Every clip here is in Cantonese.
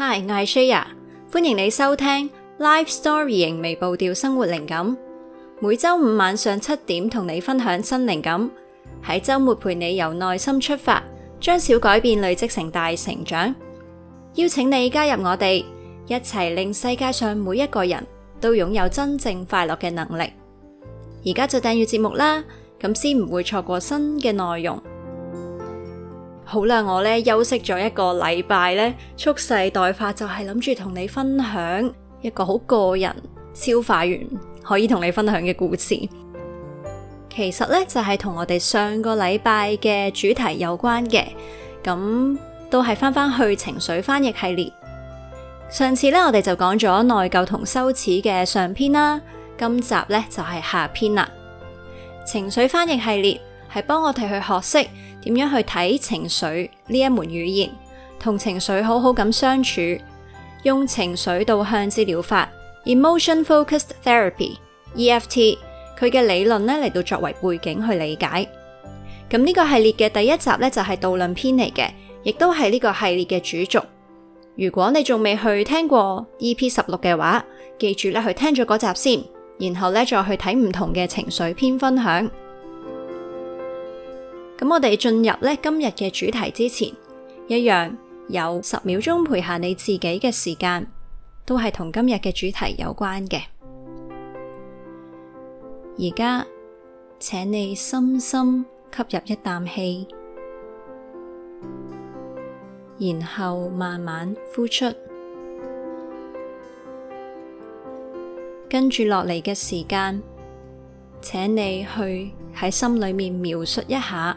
Hi，我係 Shaya，歡迎你收聽 Live Story 型微步調生活靈感，每周五晚上七點同你分享新靈感，喺周末陪你由內心出發，將小改變累積成大成長。邀請你加入我哋，一齊令世界上每一個人都擁有真正快樂嘅能力。而家就訂閱節目啦，咁先唔會錯過新嘅內容。好啦，我咧休息咗一個禮拜咧，蓄勢待發，就係諗住同你分享一個好個人消化完可以同你分享嘅故事。其實咧就係同我哋上個禮拜嘅主題有關嘅，咁都係返返去情緒翻譯系列。上次咧我哋就講咗內疚同羞恥嘅上篇啦，今集咧就係下篇啦。情緒翻譯系列係幫我哋去學識。點樣去睇情緒呢一門語言，同情緒好好咁相處，用情緒導向治療法 （Emotion Focused Therapy, EFT） 佢嘅理論咧嚟到作為背景去理解。咁、嗯、呢、呢個系列嘅第一集咧就係、是、導論篇嚟嘅，亦都係呢個系列嘅主軸。如果你仲未去聽過 EP 十六嘅話，記住咧去聽咗嗰集先，然後咧再去睇唔同嘅情緒篇分享。咁我哋進入呢今日嘅主題之前，一樣有十秒鐘陪下你自己嘅時間，都係同今日嘅主題有關嘅。而家請你深深吸入一啖氣，然後慢慢呼出，跟住落嚟嘅時間，請你去喺心裏面描述一下。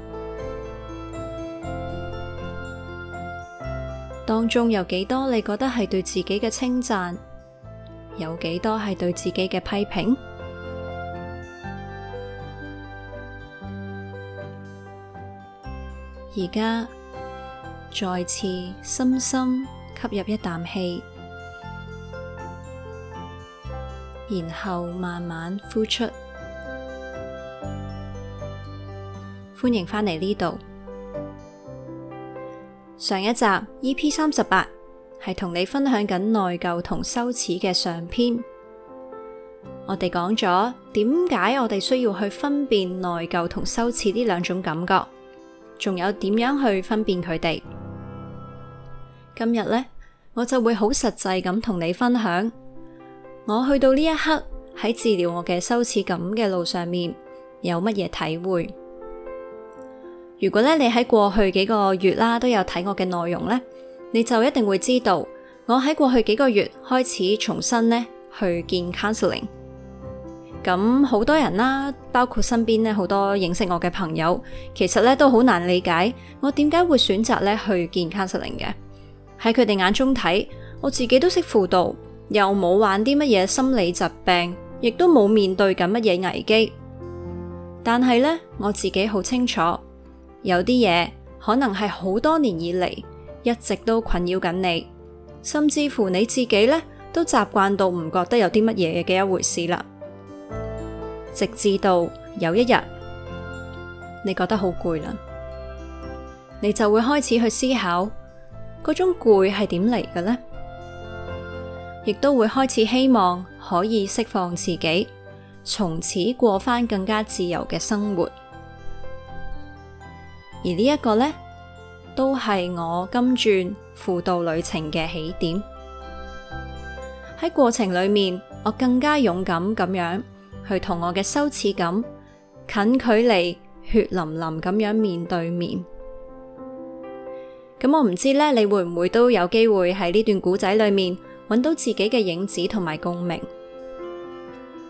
當中有幾多你覺得係對自己嘅稱讚，有幾多係對自己嘅批評？而家再次深深吸入一啖氣，然後慢慢呼出。歡迎返嚟呢度。上一集 E.P. 三十八，係同你分享緊內疚同羞恥嘅上篇，我哋講咗點解我哋需要去分辨內疚同羞恥呢兩種感覺，仲有點樣去分辨佢哋。今日呢，我就會好實際咁同你分享，我去到呢一刻喺治療我嘅羞恥感嘅路上面有乜嘢體會。如果咧，你喺過去幾個月啦，都有睇我嘅內容咧，你就一定會知道我喺過去幾個月開始重新咧去見 counseling。咁好多人啦，包括身邊咧好多認識我嘅朋友，其實咧都好難理解我點解會選擇咧去見 counseling 嘅。喺佢哋眼中睇，我自己都識輔導，又冇玩啲乜嘢心理疾病，亦都冇面對緊乜嘢危機。但係咧，我自己好清楚。有啲嘢可能係好多年以嚟一直都困擾緊你，甚至乎你自己咧都習慣到唔覺得有啲乜嘢嘅一回事啦。直至到有一日，你覺得好攰啦，你就會開始去思考嗰種攰係點嚟嘅咧，亦都會開始希望可以釋放自己，從此過返更加自由嘅生活。而呢一個呢，都係我今轉輔導旅程嘅起點。喺過程裏面，我更加勇敢咁樣去同我嘅羞恥感近距離、血淋淋咁樣面對面。咁我唔知呢，你會唔會都有機會喺呢段古仔裏面揾到自己嘅影子同埋共鳴？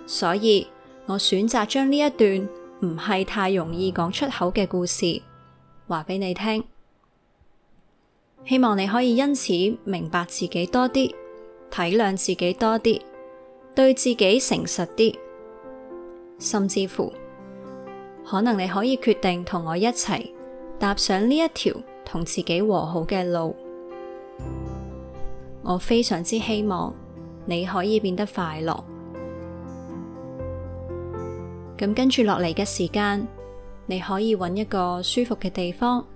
所以我選擇將呢一段唔係太容易講出口嘅故事，話俾你聽，希望你可以因此明白自己多啲，體諒自己多啲，對自己誠實啲，甚至乎可能你可以決定同我一齊踏上呢一條同自己和好嘅路。我非常之希望你可以變得快樂。咁跟住落嚟嘅時間。你可以搵一個舒服嘅地方，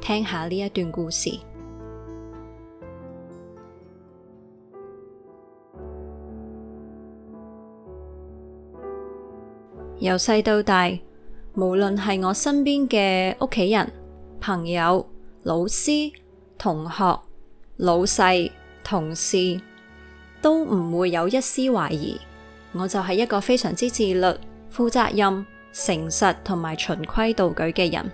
聽下呢一段故事。由細到大，無論係我身邊嘅屋企人、朋友、老師、同學、老細、同事，都唔會有一絲懷疑，我就係一個非常之自律、負責任。誠實同埋循規蹈矩嘅人，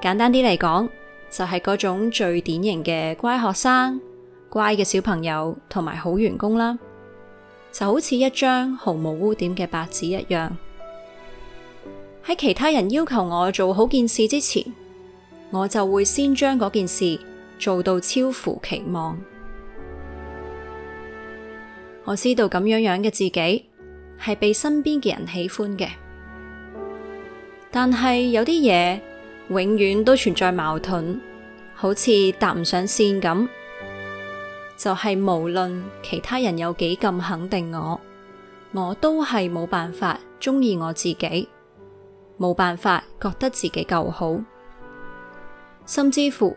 簡單啲嚟講，就係嗰種最典型嘅乖學生、乖嘅小朋友同埋好員工啦，就好似一張毫無污點嘅白紙一樣。喺其他人要求我做好件事之前，我就會先將嗰件事做到超乎期望。我知道咁樣樣嘅自己，係被身邊嘅人喜歡嘅，但係有啲嘢永遠都存在矛盾，好似搭唔上線咁。就係無論其他人有幾咁肯定我，我都係冇辦法中意我自己，冇辦法覺得自己夠好。甚至乎，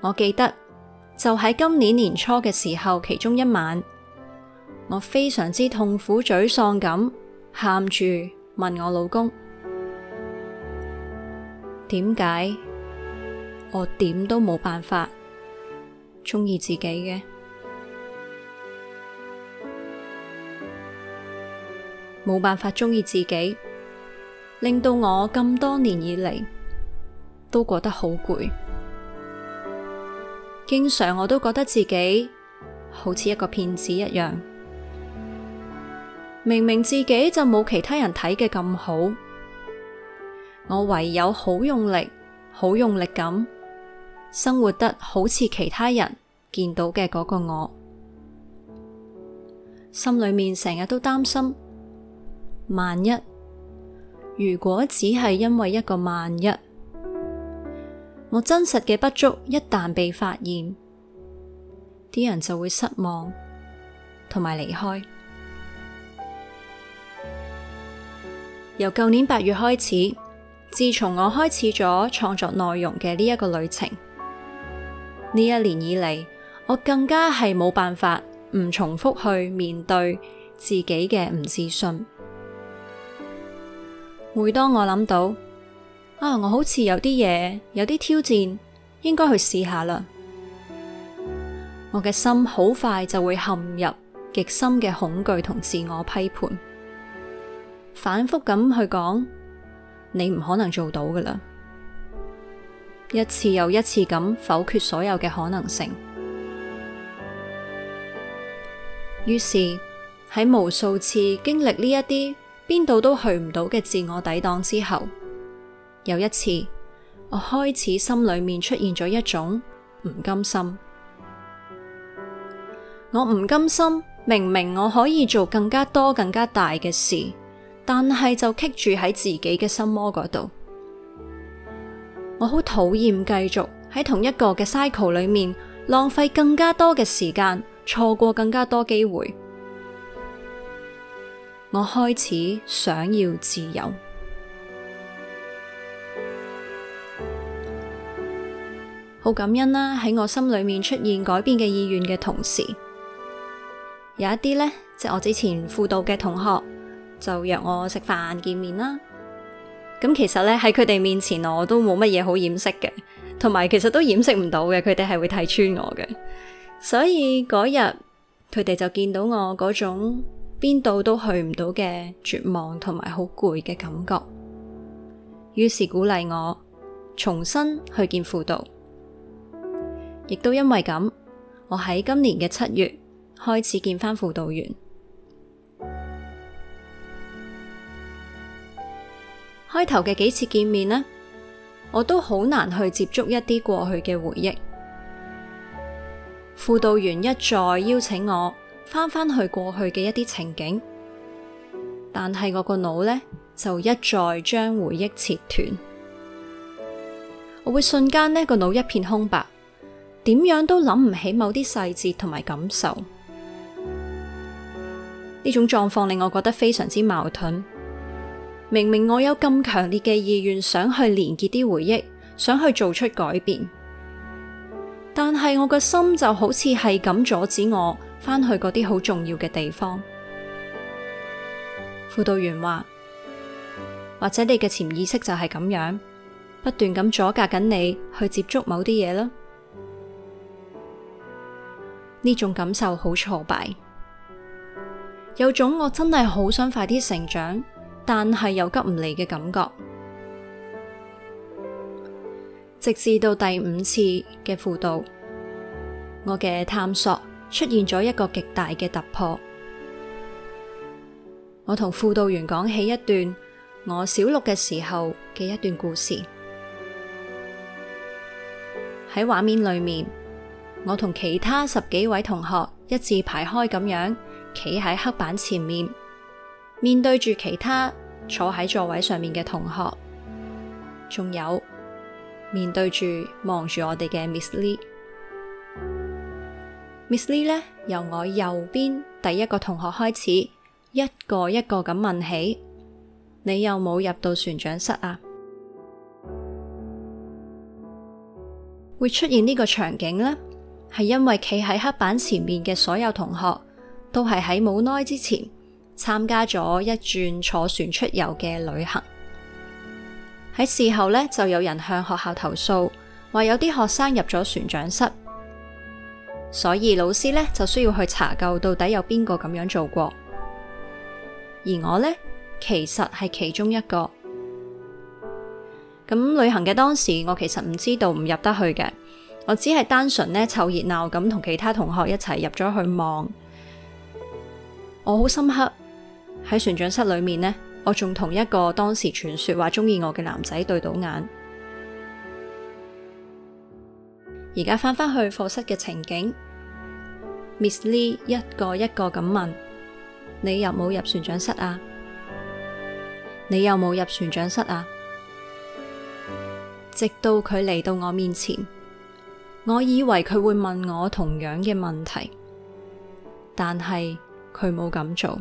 我記得就喺今年年初嘅時候，其中一晚。我非常之痛苦、沮喪咁，喊住問我老公點解我點都冇辦法鍾意自己嘅，冇辦法鍾意自己，令到我咁多年以嚟都過得好攰，經常我都覺得自己好似一個騙子一樣。明明自己就冇其他人睇嘅咁好，我唯有好用力、好用力咁生活得好似其他人見到嘅嗰個我，心裏面成日都擔心萬一，如果只係因為一個萬一，我真實嘅不足一旦被發現，啲人就會失望，同埋離開。由舊年八月開始，自從我開始咗創作內容嘅呢一個旅程，呢一年以嚟，我更加係冇辦法唔重複去面對自己嘅唔自信。每當我諗到啊，我好似有啲嘢，有啲挑戰，應該去試下啦，我嘅心好快就會陷入極深嘅恐懼同自我批判。反覆咁去講，你唔可能做到㗎喇，一次又一次咁否決所有嘅可能性。於是喺無數次經歷呢一啲邊度都去唔到嘅自我抵擋之後，有一次我開始心裏面出現咗一種唔甘心，我唔甘心，明明我可以做更加多、更加大嘅事。但係就棘住喺自己嘅心魔嗰度，我好討厭繼續喺同一個嘅 cycle 裏面浪費更加多嘅時間，錯過更加多機會。我開始想要自由，好感恩啦！喺我心裏面出現改變嘅意願嘅同時，有一啲呢，即係我之前輔導嘅同學。就約我食飯見面啦。咁其實咧，喺佢哋面前，我都冇乜嘢好掩飾嘅，同埋其實都掩飾唔到嘅，佢哋係會睇穿我嘅。所以嗰日佢哋就見到我嗰種邊度都去唔到嘅絕望同埋好攰嘅感覺，於是鼓勵我重新去見輔導，亦都因為咁，我喺今年嘅七月開始見翻輔導員。開頭嘅幾次見面呢，我都好難去接觸一啲過去嘅回憶。輔導員一再邀請我翻返去過去嘅一啲情景，但係我個腦呢，就一再將回憶切斷。我會瞬間呢個腦一片空白，點樣都諗唔起某啲細節同埋感受。呢種狀況令我覺得非常之矛盾。明明我有咁強烈嘅意願，想去連結啲回憶，想去做出改變，但係我個心就好似係咁阻止我翻去嗰啲好重要嘅地方。輔導員話，或者你嘅潛意識就係咁樣，不斷咁阻隔緊你去接觸某啲嘢啦。呢種感受好挫敗，有種我真係好想快啲成長。但係又急唔嚟嘅感覺，直至到第五次嘅輔導，我嘅探索出現咗一個極大嘅突破。我同輔導員講起一段我小六嘅時候嘅一段故事。喺畫面裏面，我同其他十幾位同學一字排開咁樣企喺黑板前面。面對住其他坐喺座位上面嘅同學，仲有面對住望住我哋嘅 Miss Lee，Miss Lee 呢 Lee 由我右邊第一個同學開始，一個一個咁問起：你有冇入到船長室啊？會出現呢個場景呢，係因為企喺黑板前面嘅所有同學，都係喺冇耐之前。參加咗一轉坐船出遊嘅旅行，喺事後呢，就有人向學校投訴，話有啲學生入咗船長室，所以老師呢就需要去查究到底有邊個咁樣做過。而我呢，其實係其中一個。咁旅行嘅當時，我其實唔知道唔入得去嘅，我只係單純呢，湊熱鬧咁同其他同學一齊入咗去望。我好深刻。喺船長室裏面呢，我仲同一個當時傳說話鍾意我嘅男仔對到眼。而家返返去課室嘅情景，Miss Lee 一個一個咁問：你有冇入船長室啊？你有冇入船長室啊？直到佢嚟到我面前，我以為佢會問我同樣嘅問題，但係佢冇咁做。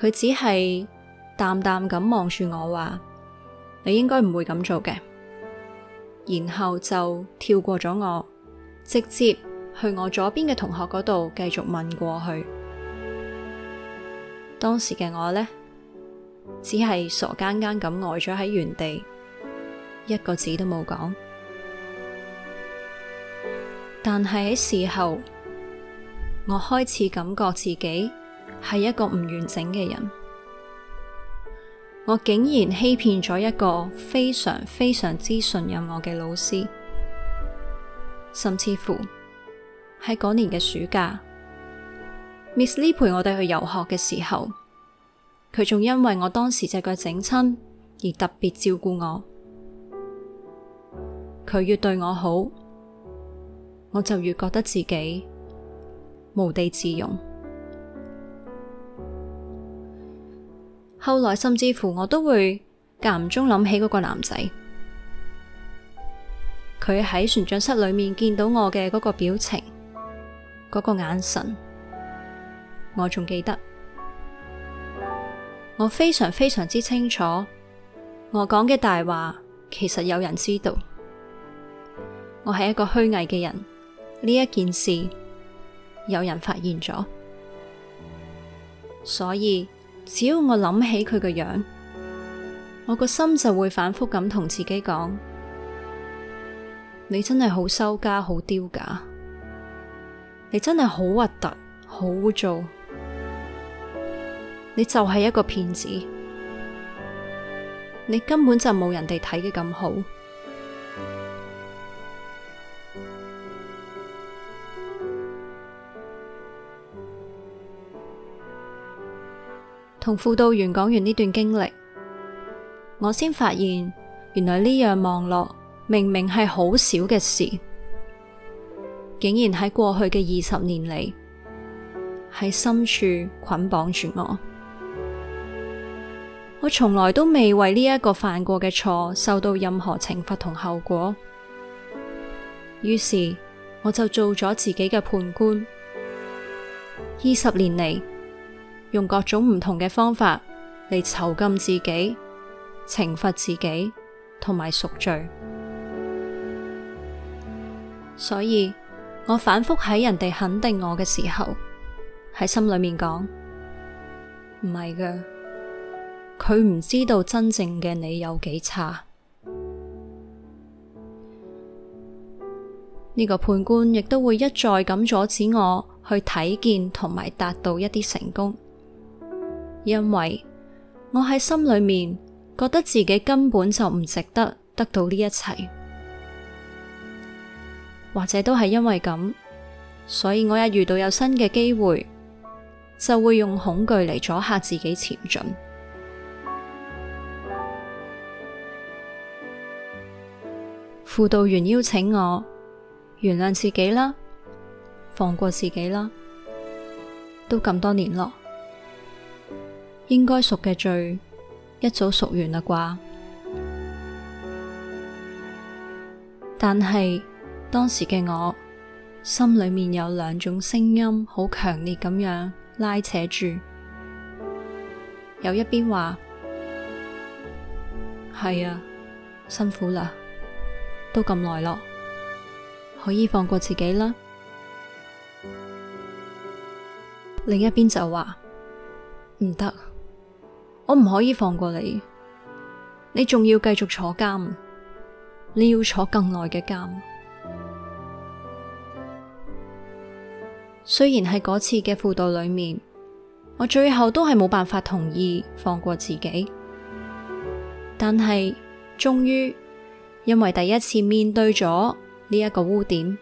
佢只係淡淡咁望住我話，你應該唔會咁做嘅。然後就跳過咗我，直接去我左邊嘅同學嗰度繼續問過去。當時嘅我呢，只係傻更更咁呆咗喺原地，一個字都冇講。但係喺事後，我開始感覺自己。係一個唔完整嘅人，我竟然欺騙咗一個非常非常之信任我嘅老師，甚至乎喺嗰年嘅暑假，Miss Lee 陪我哋去遊學嘅時候，佢仲因為我當時隻腳整親而特別照顧我，佢越對我好，我就越覺得自己無地自容。後來甚至乎我都會間唔中諗起嗰個男仔，佢喺船長室裏面見到我嘅嗰個表情，嗰個眼神，我仲記得。我非常非常之清楚，我講嘅大話其實有人知道，我係一個虛偽嘅人，呢一件事有人發現咗，所以。只要我諗起佢個樣，我個心就會反覆咁同自己講：你真係好收家，好丟架；你真係好核突，好污糟，你就係一個騙子，你根本就冇人哋睇嘅咁好。同輔導員講完呢段經歷，我先發現原來呢樣網絡明明係好少嘅事，竟然喺過去嘅二十年嚟喺深處捆綁住我。我從來都未為呢一個犯過嘅錯受到任何懲罰同後果，於是我就做咗自己嘅判官。二十年嚟，用各種唔同嘅方法嚟囚禁自己、懲罰自己同埋贖罪，所以我反覆喺人哋肯定我嘅時候，喺心裏面講，唔係㗎，佢唔知道真正嘅你有幾差。呢個判官亦都會一再咁阻止我去睇見同埋達到一啲成功。因為我喺心裏面覺得自己根本就唔值得得到呢一切，或者都係因為咁，所以我一遇到有新嘅機會，就會用恐懼嚟阻嚇自己前進。輔導員邀請我，原諒自己啦，放過自己啦，都咁多年咯。應該贖嘅罪一早贖完啦啩，但係當時嘅我心裏面有兩種聲音，好強烈咁樣拉扯住，有一邊話係啊，辛苦啦，都咁耐咯，可以放過自己啦，另一邊就話唔得。我唔可以放過你，你仲要繼續坐監，你要坐更耐嘅監。雖然喺嗰次嘅輔導裏面，我最後都係冇辦法同意放過自己，但係終於因為第一次面對咗呢一個污點，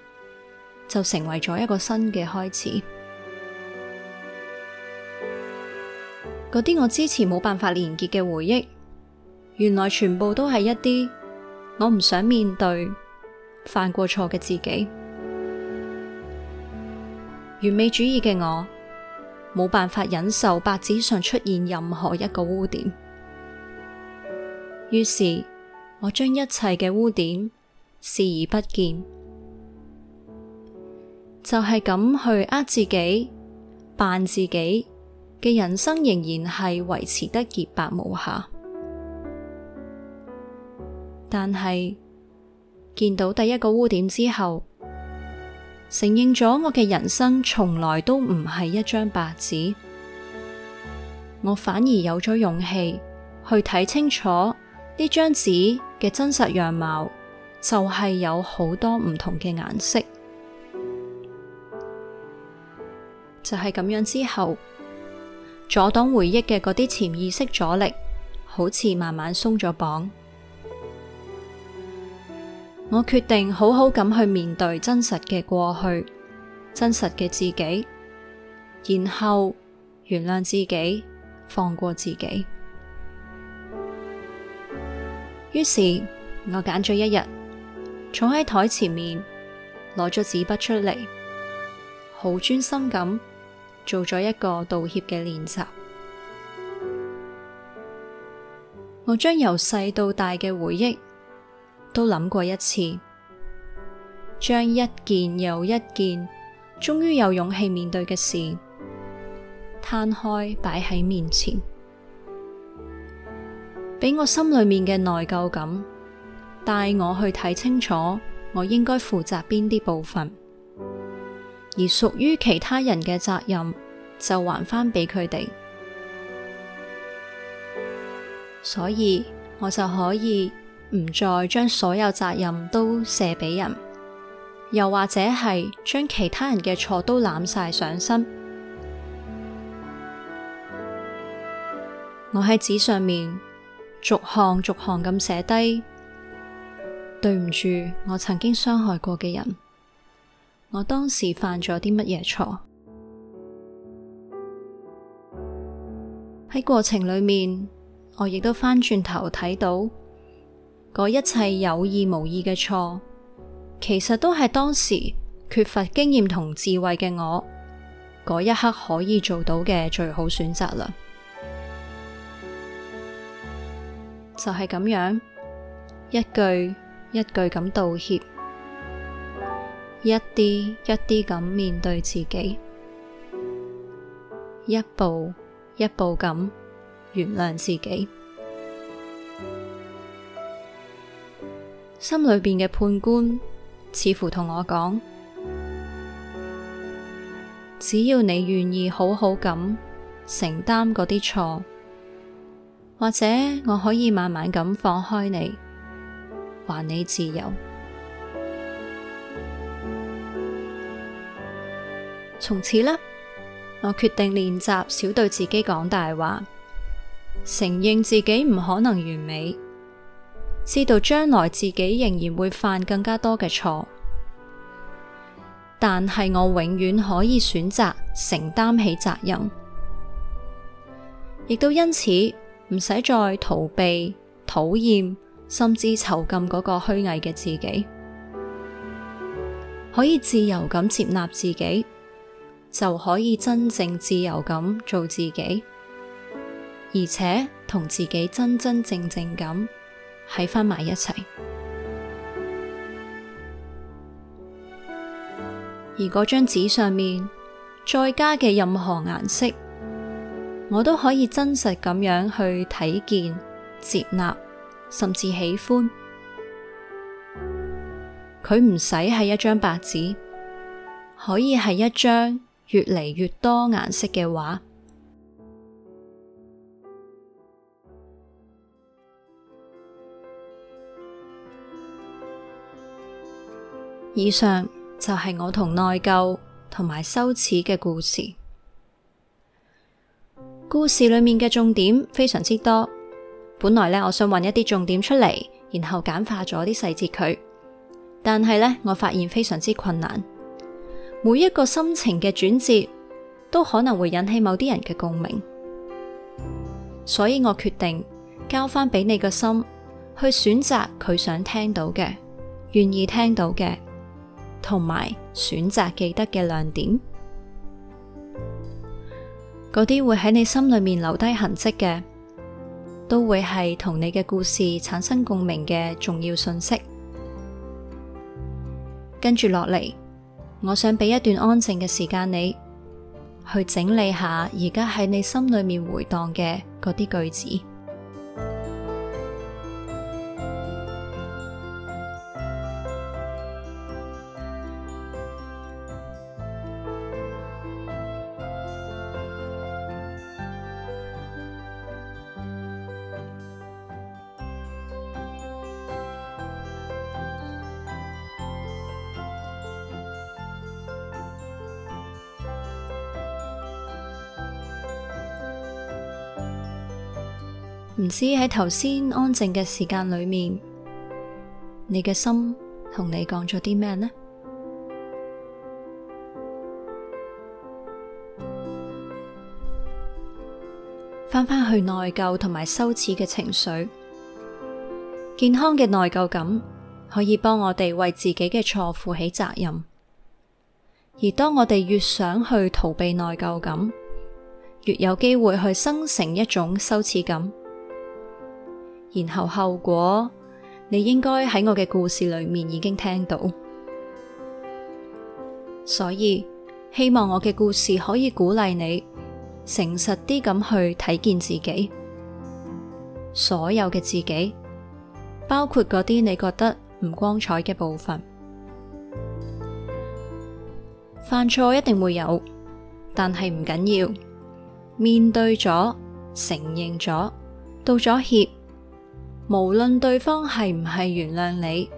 就成為咗一個新嘅開始。嗰啲我之前冇辦法連結嘅回憶，原來全部都係一啲我唔想面對、犯過錯嘅自己。完美主義嘅我，冇辦法忍受白紙上出現任何一個污點，於是我將一切嘅污點視而不見，就係咁去呃自己、扮自己嘅人生仍然係維持得潔白無瑕，但係見到第一個污點之後，承認咗我嘅人生從來都唔係一張白紙，我反而有咗勇氣去睇清楚呢張紙嘅真實樣貌，就係有好多唔同嘅顏色，就係咁樣之後。阻擋回憶嘅嗰啲潛意識阻力，好似慢慢鬆咗綁。我決定好好咁去面對真實嘅過去，真實嘅自己，然後原諒自己，放過自己。於是，我揀咗一日，坐喺枱前面，攞咗紙筆出嚟，好專心咁。做咗一個道歉嘅練習，我將由細到大嘅回憶都諗過一次，將一件又一件，終於有勇氣面對嘅事攤開擺喺面前，俾我心裏面嘅內疚感帶我去睇清楚，我應該負責邊啲部分，而屬於其他人嘅責任。就還返畀佢哋，所以我就可以唔再將所有責任都卸畀人，又或者係將其他人嘅錯都攬晒上身。我喺紙上面逐行逐行咁寫低，對唔住，我曾經傷害過嘅人，我當時犯咗啲乜嘢錯？喺過程裏面，我亦都翻轉頭睇到嗰一切有意無意嘅錯，其實都係當時缺乏經驗同智慧嘅我嗰一刻可以做到嘅最好選擇啦。就係咁樣，一句一句咁道歉，一啲一啲咁面對自己，一步。一步咁原諒自己，心裏邊嘅判官似乎同我講：只要你願意好好咁承擔嗰啲錯，或者我可以慢慢咁放開你，還你自由。從此啦。我決定練習少對自己講大話，承認自己唔可能完美，知道將來自己仍然會犯更加多嘅錯，但係我永遠可以選擇承擔起責任，亦都因此唔使再逃避、討厭，甚至囚禁嗰個虛偽嘅自己，可以自由咁接納自己。就可以真正自由咁做自己，而且同自己真真正正咁喺翻埋一齊。而嗰張紙上面再加嘅任何顏色，我都可以真實咁樣去睇見、接納，甚至喜歡。佢唔使係一張白紙，可以係一張。越嚟越多顏色嘅畫。以上就係我同內疚同埋羞恥嘅故事。故事裏面嘅重點非常之多。本來呢，我想揾一啲重點出嚟，然後簡化咗啲細節佢。但係呢，我發現非常之困難。每一個心情嘅轉折，都可能會引起某啲人嘅共鳴，所以我決定交翻俾你個心去選擇佢想聽到嘅、願意聽到嘅，同埋選擇記得嘅亮點。嗰啲會喺你心裏面留低痕跡嘅，都會係同你嘅故事產生共鳴嘅重要信息。跟住落嚟。我想畀一段安靜嘅時間你去整理下，而家喺你心裏面回盪嘅嗰啲句子。唔知喺頭先安靜嘅時間裏面，你嘅心同你講咗啲咩呢？翻返去內疚同埋羞恥嘅情緒，健康嘅內疚感可以幫我哋為自己嘅錯負起責任。而當我哋越想去逃避內疚感，越有機會去生成一種羞恥感。然後後果，你應該喺我嘅故事裏面已經聽到，所以希望我嘅故事可以鼓勵你誠實啲咁去睇見自己所有嘅自己，包括嗰啲你覺得唔光彩嘅部分。犯錯一定會有，但係唔緊要，面對咗，承認咗，道咗歉。無論對方係唔係原諒你，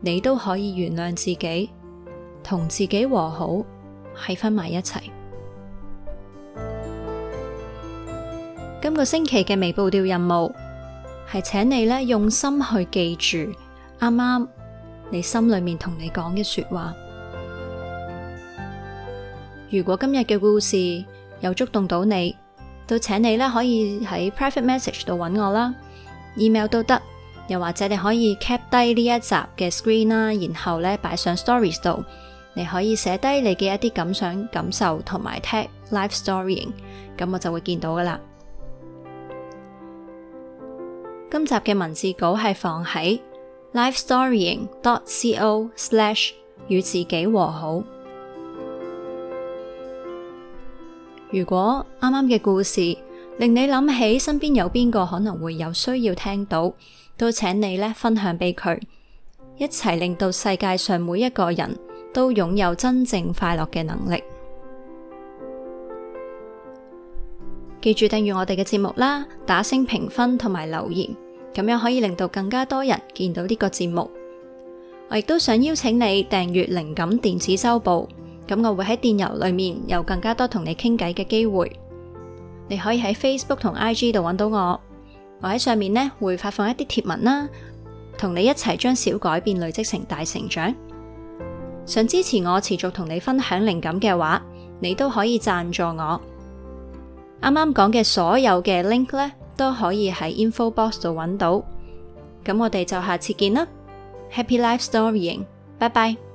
你都可以原諒自己，同自己和好，喺返埋一齊。 今個星期嘅微步調任務係請你咧用心去記住啱啱你心裏面同你講嘅說話。如果今日嘅故事有觸動到你，都請你咧可以喺 private message 度揾我啦。email 都得，又或者你可以 cap 低呢一集嘅 screen 啦，然後呢擺上 stories 度，你可以寫低你嘅一啲感想、感受同埋 tag life storying，咁我就會見到噶啦。今集嘅文字稿係放喺 life storying dot c o slash 與自己和好。如果啱啱嘅故事，令你諗起身邊有邊個可能會有需要聽到，都請你咧分享俾佢，一齊令到世界上每一個人都擁有真正快樂嘅能力。 記住訂閱我哋嘅節目啦，打聲評分同埋留言，咁樣可以令到更加多人見到呢個節目。我亦都想邀請你訂閱靈感電子周報，咁我會喺電郵裏面有更加多同你傾偈嘅機會。你可以喺 Facebook 同 IG 度揾到我，我喺上面咧會發放一啲貼文啦，同你一齊將小改變累積成大成長。想支持我持續同你分享靈感嘅話，你都可以贊助我。啱啱講嘅所有嘅 link 咧都可以喺 info box 度揾到。咁我哋就下次見啦，Happy Life Storying，拜拜。